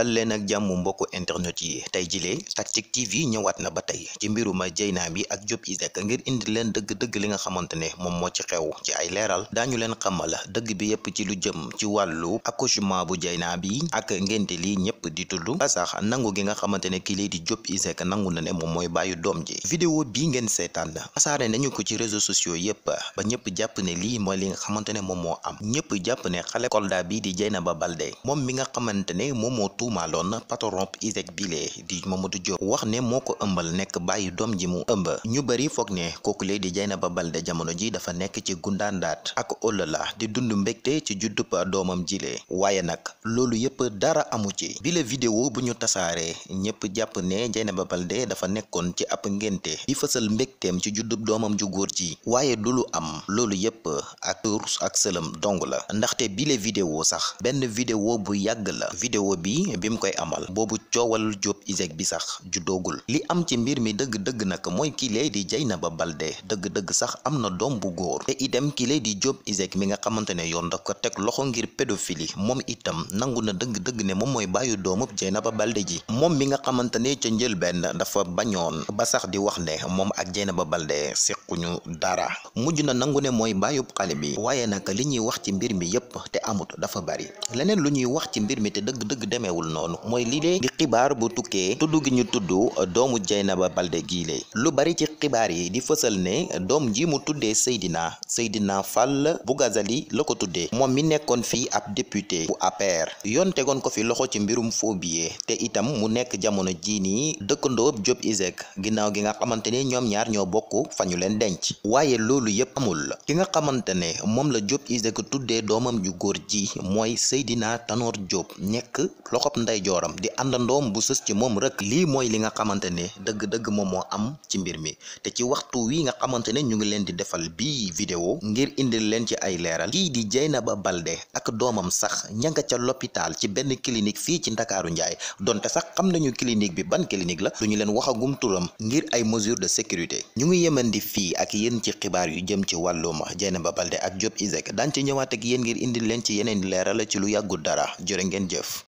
dal leen ak jàmm mbokku internet yi tey jilee Tactic TV ñëwaat na ba tey ci mbiruma Dieyna bi ak Diop ngir indi leen dëgg-dëgg li nga xamante ne moom moo ci xew ci ay leeral daañu leen xamal dëgg bi yépp ci lu jëm ci wàllu accouchement bu Dieyna bi ak ngénte li ñépp di tudd ba nangu gi nga xamante ne kii lay di Diop Iseg nangu na ne moom mooy bàyyi doom ji vidéo bii ngeen seetaan asaare nañu ko ci réseaux sociaux yépp ba ñëpp jàpp ne lii mooy li nga xamante ne moom moo am ñëpp jàpp ne xale Kolda bi di na Ba Baldé moom mi nga xamante moom moo tuumaaloon patron ISEG bile di Mamadou Diop wax ne moo ko ëmbal nekk bàyyi doom ji mu ëmb ñu bëri foog ne kooku lee di Dieynaba Balde jamono ji dafa nekk ci gundaandaat ak olala di dund mbégte ci juddub doomam jile waaye nag loolu yëpp dara amu ci bile vidéo bu ñu tasaaree ñëpp jàpp ne Dieynaba Balde dafa nekkoon ci ab ngénte di fësal mbégteem ci juddub doomam ju góor ji waaye du lu am loolu yëpp ak rus ak sëlëm dong la ndaxte bile vidéo sax benn vidéo bu yàgg la vidéo bi bi bi mu koy amal boobu coowalul Jóob ISEG bi sax juddoogul li am ci mbir mi dëgg-dëgg nag mooy kii lay di Dieynaba Baldé dëgg-dëgg sax am na doom bu góor te itam kii lay di Jóob ISEG mi nga xamante ne yoon da ko teg loxo ngir pédophilie moom itam nangu na dëgg-dëgg ne moom mooy bàyyu doomub ba balde ji moom mi nga xamante ne ca njëlbeen dafa bañoon ba sax di wax ne moom ak Dieynaba Baldé sequñu dara mujj na nangu ne mooy bàyyub xale bi waaye nag li ñuy wax ci mbir mi yépp te amut dafa bari leneen lu ñuy wax ci demewul noonu mooy lii de di xibaar bu tukkee tudd gi ñu tudd uh, doomu na Dieynaba Balde giile lu bari ci xibaar yi di fësal ne uh, doom ji mu tuddee seydinaa Seydina Seydina Fall Bougazelli la ko tuddee moom mi nekkoon fii ab député bu APR yoon tegoon ko fi loxo ci mbirum faux billet te itam mu nekk jamono jii nii dëkkandoo Diop Iseg ginnaaw gi nga xamante ne ñoom ñaar ñoo bokk fa ñu leen denc waaye loolu yëpp amul ki nga xamante ne moom la Diop Iseg tuddee doomam ju góor ji mooy loxob ndeyjooram di àndandoom bu sës ci moom rek lii mooy li nga xamante ne dëgg-dëgg moom moo am ci mbir mi te ci waxtu wi nga xamante ne ñu ngi leen di defal bii vidéo ngir indil leen ci ay leeral kii di ba Balde ak doomam sax ña nga ca l'hôpital ci benn clinique fii ci Ndakaaru Njaay donte sax xam nañu clinique bi ban clinique la ñu leen waxagum turam ngir ay mesures de sécurité ñu ngi di fii ak yéen ci xibaar yu jëm ci wàllum Dieynaba Balde ak Diop Iseg daan ci ñëwaat ak yéen ngir indil leen ci yeneen leeral ci lu yàggul dara jërë ngeen jëf